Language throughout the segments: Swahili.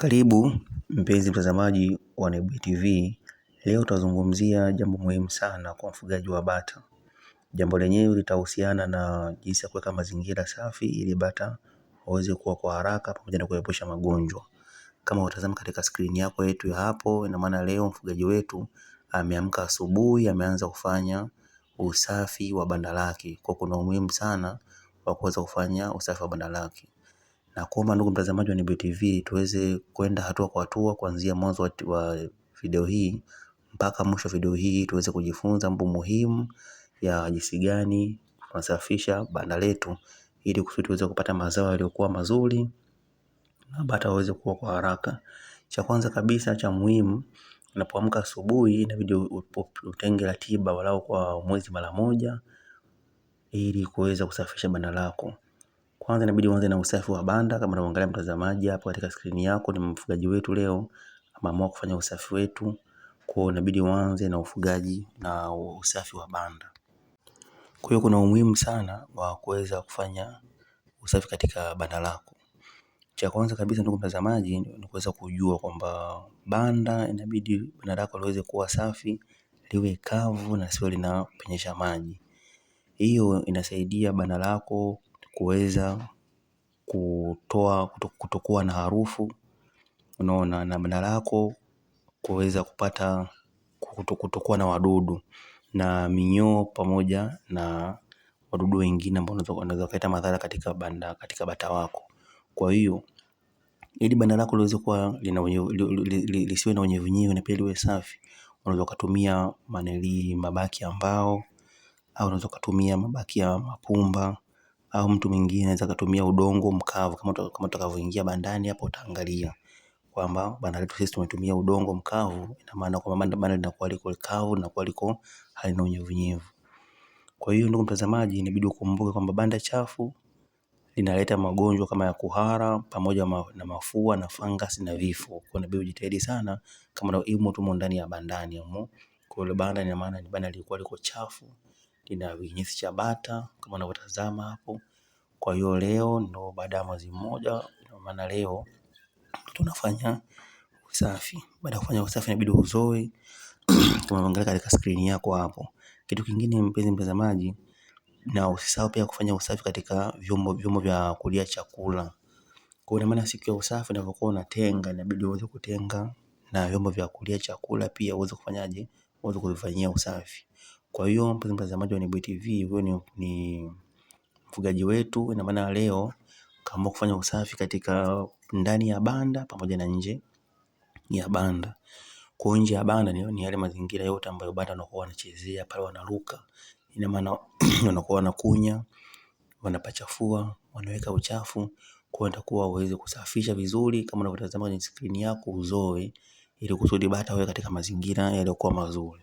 Karibu mpenzi mtazamaji wa Nebuye TV. Leo tutazungumzia jambo muhimu sana kwa mfugaji wa bata. Jambo lenyewe litahusiana na jinsi ya kuweka mazingira safi ili bata waweze kuwa kwa haraka pamoja na kuepusha magonjwa. Kama utazama katika skrini yako yetu ya hapo, ina maana leo mfugaji wetu ameamka asubuhi, ameanza kufanya usafi wa banda lake. Kwa kuna umuhimu sana wa kuweza kufanya usafi wa banda lake na kuomba ndugu mtazamaji wa Nebuye TV tuweze kwenda hatua kwa hatua kuanzia mwanzo wa video hii mpaka mwisho wa video hii tuweze kujifunza mambo muhimu ya jinsi gani tunasafisha banda letu ili kusudi tuweze kupata mazao yaliyokuwa mazuri na bata waweze kuwa kwa haraka. Cha kwanza kabisa cha muhimu, unapoamka asubuhi inabidi utenge ratiba walau kwa mwezi mara moja ili kuweza kusafisha banda lako. Kwanza inabidi uanze na usafi wa banda kama unaangalia mtazamaji hapo katika skrini yako ni mfugaji wetu leo ameamua kufanya usafi wetu. Kwa hiyo inabidi uanze na ufugaji na usafi wa banda. Kwa hiyo kuna umuhimu sana wa kuweza kufanya usafi katika banda lako. Cha kwanza kabisa ndugu mtazamaji, ni kuweza kujua kwamba banda inabidi banda lako liweze kuwa safi, liwe kavu na sio linapenyesha maji. Hiyo inasaidia banda lako kuweza kutoa kutokuwa na harufu, unaona, na banda lako kuweza kupata kutokuwa na wadudu na minyoo pamoja na wadudu wengine ambao wanaweza kuleta madhara katika banda, katika bata wako. Kwa hiyo ili banda lako liweze kuwa lisiwe na unyevunyevu na pia liwe safi, unaweza ukatumia maneli mabaki ya mbao au unaweza ukatumia mabaki ya mapumba au mtu mwingine anaweza akatumia udongo mkavu kama utakavyoingia bandani hapo utaangalia kwamba banda letu sisi tumetumia udongo mkavu, ina maana kwamba banda linakuwa liko kavu na kuwa liko halina unyevunyevu. Kwa hiyo ndugu mtazamaji, inabidi ukumbuke kwamba banda chafu linaleta magonjwa kama ya kuhara pamoja na mafua na fungus na vifo. Kwa nabii ujitahidi sana kama ndio imo tumo ndani ya bandani humo. Kwa hiyo banda ina maana ni banda lilikuwa liko chafu lina vijinyesi cha bata kama unavyotazama hapo. Kwa hiyo leo ndo baada ya mwezi mmoja, ina maana leo tunafanya usafi. Baada ya kufanya usafi, inabidi uzoe kama unaangalia katika skrini yako hapo. Kitu kingine, mpenzi mtazamaji, na usisahau pia kufanya usafi katika vyombo vyombo vya kulia chakula. Kwa hiyo maana siku ya usafi unapokuwa unatenga, inabidi uweze kutenga na vyombo vya kulia chakula pia uweze kufanyaje, uweze kuvifanyia usafi. Kwa hiyo mpenzi mtazamaji wa Nebuye TV, huyo ni, ni mfugaji wetu. Ina maana leo kaamua kufanya usafi katika ndani ya banda pamoja na nje ya banda. Kwa nje ya banda ni, ni yale mazingira yote ambayo banda wanakuwa wanachezea pale, wanaruka, ina maana wanakuwa wanakunya, wanapachafua, wanaweka uchafu kwa nitakuwa uweze kusafisha vizuri kama unavyotazama kwenye skrini yako uzoe, ili kusudi bata wewe katika mazingira yaliyokuwa mazuri.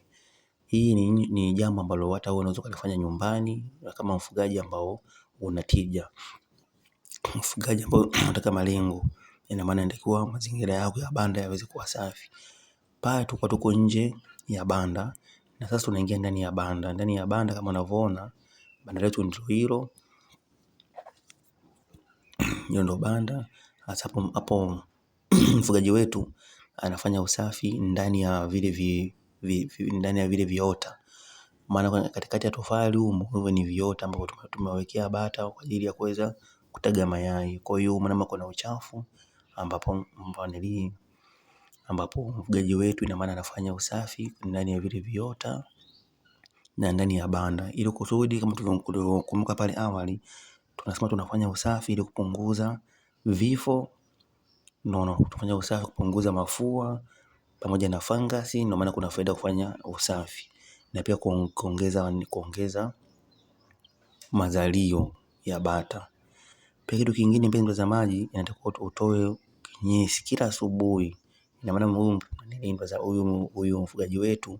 Hii ni jambo ambalo hata wewe unaweza kufanya nyumbani kama mfugaji ambao una tija, mfugaji ambao unataka malengo. Ina maana inatakiwa mazingira yako ya banda yaweze kuwa safi. Pale tulikuwa tuko nje ya banda na sasa tunaingia ndani ya banda. Ndani ya banda kama unavyoona, banda letu ndio hilo, hiyo ndio banda. Sasa hapo mfugaji wetu anafanya usafi ndani ya vile vi ndani ya vile viota, maana katikati ya tofali humo hivyo ni viota ambavyo tumewekea bata kwa ajili ya kuweza kutaga mayai. Kwa hiyo maana kuna uchafu ambapo mfanili ambapo mfugaji wetu ina maana anafanya usafi ndani ya vile viota na ndani ya banda, ili kusudi kama tulivyokumbuka pale awali, tunasema tunafanya usafi ili kupunguza vifo, tunafanya usafi kupunguza mafua pamoja na fangasi, ndio maana kuna faida kufanya usafi na pia kuongeza kuongeza mazalio ya bata. Pia kitu kingine, za maji inatakiwa utoe kinyesi kila asubuhi. Ina maana huyu huyu mfugaji wetu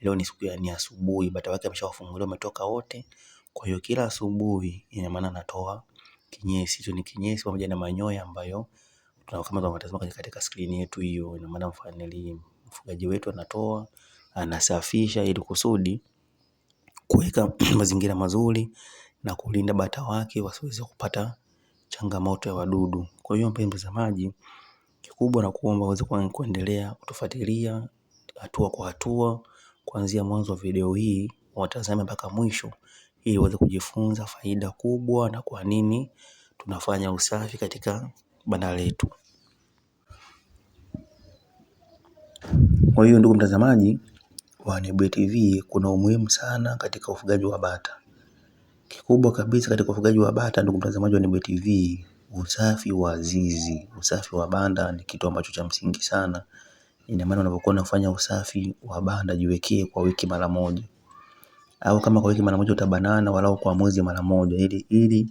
leo ni siku ya ni asubuhi, bata wake ameshawafungulia umetoka wote. Kwa hiyo kila asubuhi, ina maana anatoa kinyesi hicho, ni kinyesi pamoja na manyoya ambayo kama tunavyotazama katika skrini yetu hiyo, ina maana mfanyeli mfugaji wetu anatoa anasafisha ili kusudi kuweka mazingira mazuri na kulinda bata wake wasiweze kupata changamoto ya wadudu. Kwa hiyo mpenzi mtazamaji, kikubwa na kuomba uweze kuendelea kutufuatilia hatua kwa hatua kuanzia mwanzo wa video hii watazame mpaka mwisho ili uweze kujifunza faida kubwa na kwa nini tunafanya usafi katika banda letu. Kwa hiyo ndugu mtazamaji wa Nebuye TV, kuna umuhimu sana katika ufugaji wa bata. Kikubwa kabisa katika ufugaji wa bata, ndugu mtazamaji wa Nebuye TV, usafi wa zizi, usafi wa banda ni kitu ambacho cha msingi sana. Ina maana unapokuwa unafanya usafi wa banda, jiwekee kwa wiki mara moja, au kama kwa wiki mara moja utabanana, walau kwa mwezi mara moja, ili ili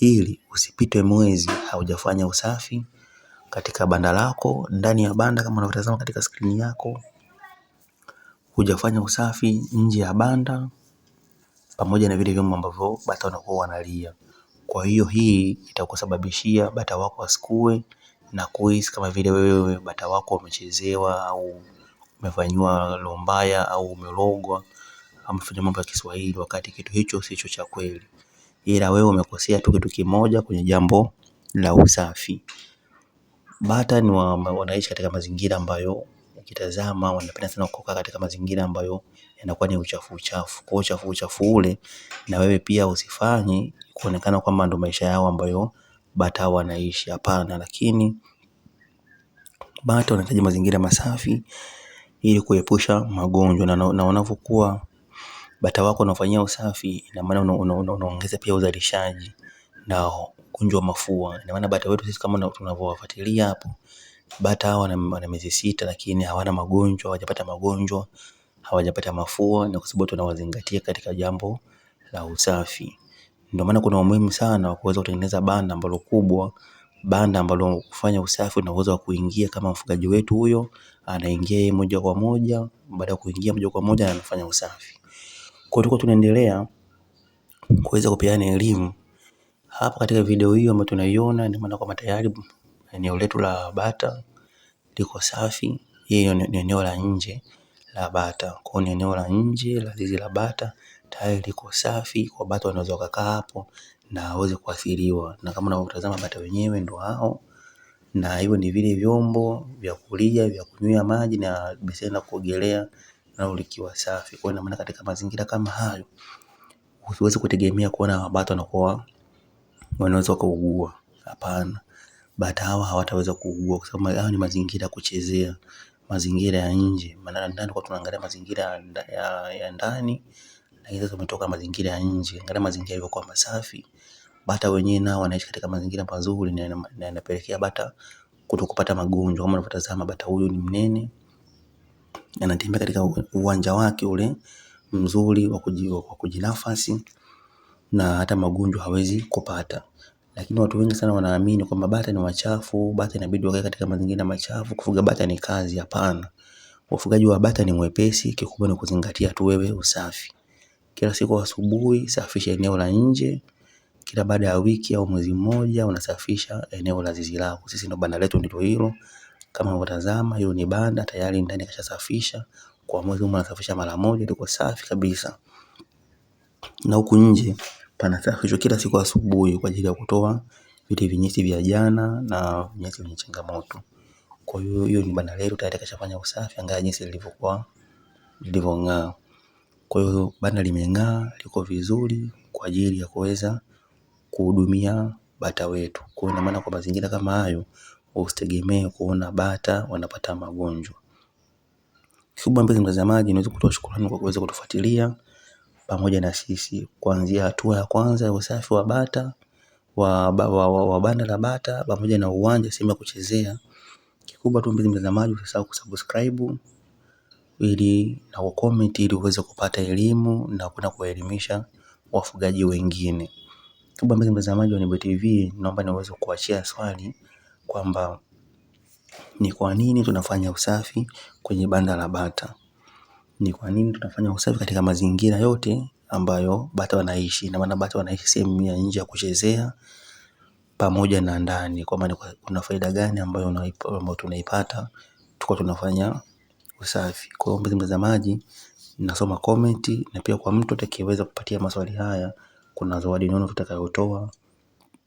ili usipite mwezi haujafanya usafi katika banda lako, ndani ya banda kama unavyotazama katika skrini yako, hujafanya usafi nje ya banda pamoja na vile vyombo ambavyo bata wanakuwa wanalia. Kwa hiyo hii itakusababishia bata wako wasikue na kuhisi kama vile wewe bata wako umechezewa au umefanyiwa lombaya au umerogwa, amefanya mambo ya Kiswahili, wakati kitu hicho sicho cha kweli ila wewe umekosea tu kitu kimoja kwenye jambo la usafi. Bata ni wanaishi katika mazingira ambayo ukitazama wanapenda sana kukaa katika mazingira ambayo yanakuwa ni uchafu uchafu. Kwa uchafu uchafu ule na wewe pia usifanye kuonekana kwamba ndo maisha yao ambayo bata wanaishi, hapana. Lakini bata wanahitaji mazingira masafi ili kuepusha magonjwa na wanavyokuwa bata wako unafanyia usafi, ina maana unaongeza pia uzalishaji na ugonjwa mafua. Ina maana bata wetu sisi kama tunavyowafuatilia hapo, bata hawa wana miezi sita, lakini hawana magonjwa, hawajapata magonjwa, hawajapata mafua, na kwa sababu tunawazingatia katika jambo la usafi. Ndio maana kuna umuhimu sana wa kuweza kutengeneza banda ambalo kubwa, banda ambalo kufanya usafi na uwezo wa kuingia kama mfugaji wetu huyo anaingia moja kwa moja, baada ya kuingia moja kwa moja anafanya usafi. Kwa tuko tunaendelea kuweza kupeana elimu hapa katika video hiyo ambayo tunaiona, ina maana kwa tayari eneo letu la bata liko safi. Hii ni eneo la nje la bata, kwa ni eneo la nje la zizi la bata tayari liko safi, kwa bata wanaweza kukaa hapo na waweze kuathiriwa. Na kama unavyotazama bata wenyewe ndio hao, na hivyo ni vile vyombo vya kulia, vya kunywea maji na beseni la kuogelea nalo likiwa safi. Kwa hiyo maana katika mazingira kama hayo usiweze kutegemea kuona bata wanakuwa wanaweza kuugua. Hapana, bata hawa hawataweza kuugua kwa sababu hayo ni mazingira ya kuchezea, mazingira ya nje. Maana ndani kwa tunaangalia mazingira ya ya ndani, na hizo zimetoka mazingira ya nje, angalia mazingira kwa masafi. Bata wenyewe nao wanaishi katika mazingira mazuri na yanapelekea bata kutokupata magonjwa. Kama unavyotazama bata huyu ni mnene anatembea katika uwanja wake ule mzuri wa kujinafasi na hata magonjwa hawezi kupata. Lakini watu wengi sana wanaamini kwamba bata ni wachafu, bata inabidi wakae katika mazingira machafu, kufuga bata ni kazi. Hapana, ufugaji wa bata ni mwepesi, kikubwa ni kuzingatia tu wewe usafi. Kila siku asubuhi, safisha eneo la nje. Kila baada ya wiki au mwezi mmoja, unasafisha eneo la zizi lako. Sisi ndo banda letu ndilo hilo. Kama unavyotazama hiyo ni banda tayari ndani kashasafisha. Kwa mwezi mmoja anasafisha mara moja liko safi kabisa. Na huku nje panasafishwa kila siku asubuhi kwa ajili ya kutoa vile vinyesi vya jana na vinyesi vyenye changamoto. Kwa hiyo hiyo ni banda letu tayari kashafanya usafi, angalia jinsi lilivyokuwa lilivyong'aa. Kwa hiyo banda limeng'aa, liko vizuri kwa ajili ya kuweza kuhudumia bata wetu. Kwa hiyo ina maana kwa mazingira kama hayo usitegemee kuona bata wanapata magonjwa. Kikubwa mpenzi mtazamaji, niweze kutoa shukrani kwa kuweza kutufuatilia pamoja na sisi kuanzia hatua ya kwanza ya usafi wa bata wa, wa, wa, wa banda la bata pamoja na uwanja sehemu ya kuchezea. Kikubwa tu mpenzi mtazamaji, usisahau kusubscribe ili na kucomment ili uweze kupata elimu na kuna kuwaelimisha wafugaji wengine. Kikubwa mpenzi mtazamaji wa Nebuye TV, naomba niweze kuachia swali kwamba ni kwa nini tunafanya usafi kwenye banda la bata. Ni kwa nini tunafanya usafi katika mazingira yote ambayo bata wanaishi. Na maana bata wanaishi sehemu ya nje ya kuchezea pamoja na ndani, maana kuna faida gani ambayo tunaipata tuko tunafanya usafi. Kwa hiyo mpenzi mtazamaji, nasoma komenti na pia kwa mtu atakayeweza kupatia maswali haya, kuna zawadi nono tutakayotoa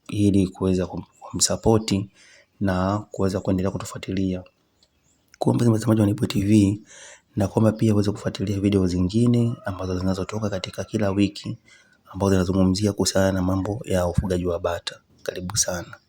ili kuweza kumsapoti na kuweza kuendelea kutufuatilia. Kuwa mpenzi mtazamaji wa Nipo TV na kuomba pia uweze kufuatilia video zingine ambazo zinazotoka katika kila wiki ambazo zinazungumzia kuhusiana na mambo ya ufugaji wa bata. Karibu sana.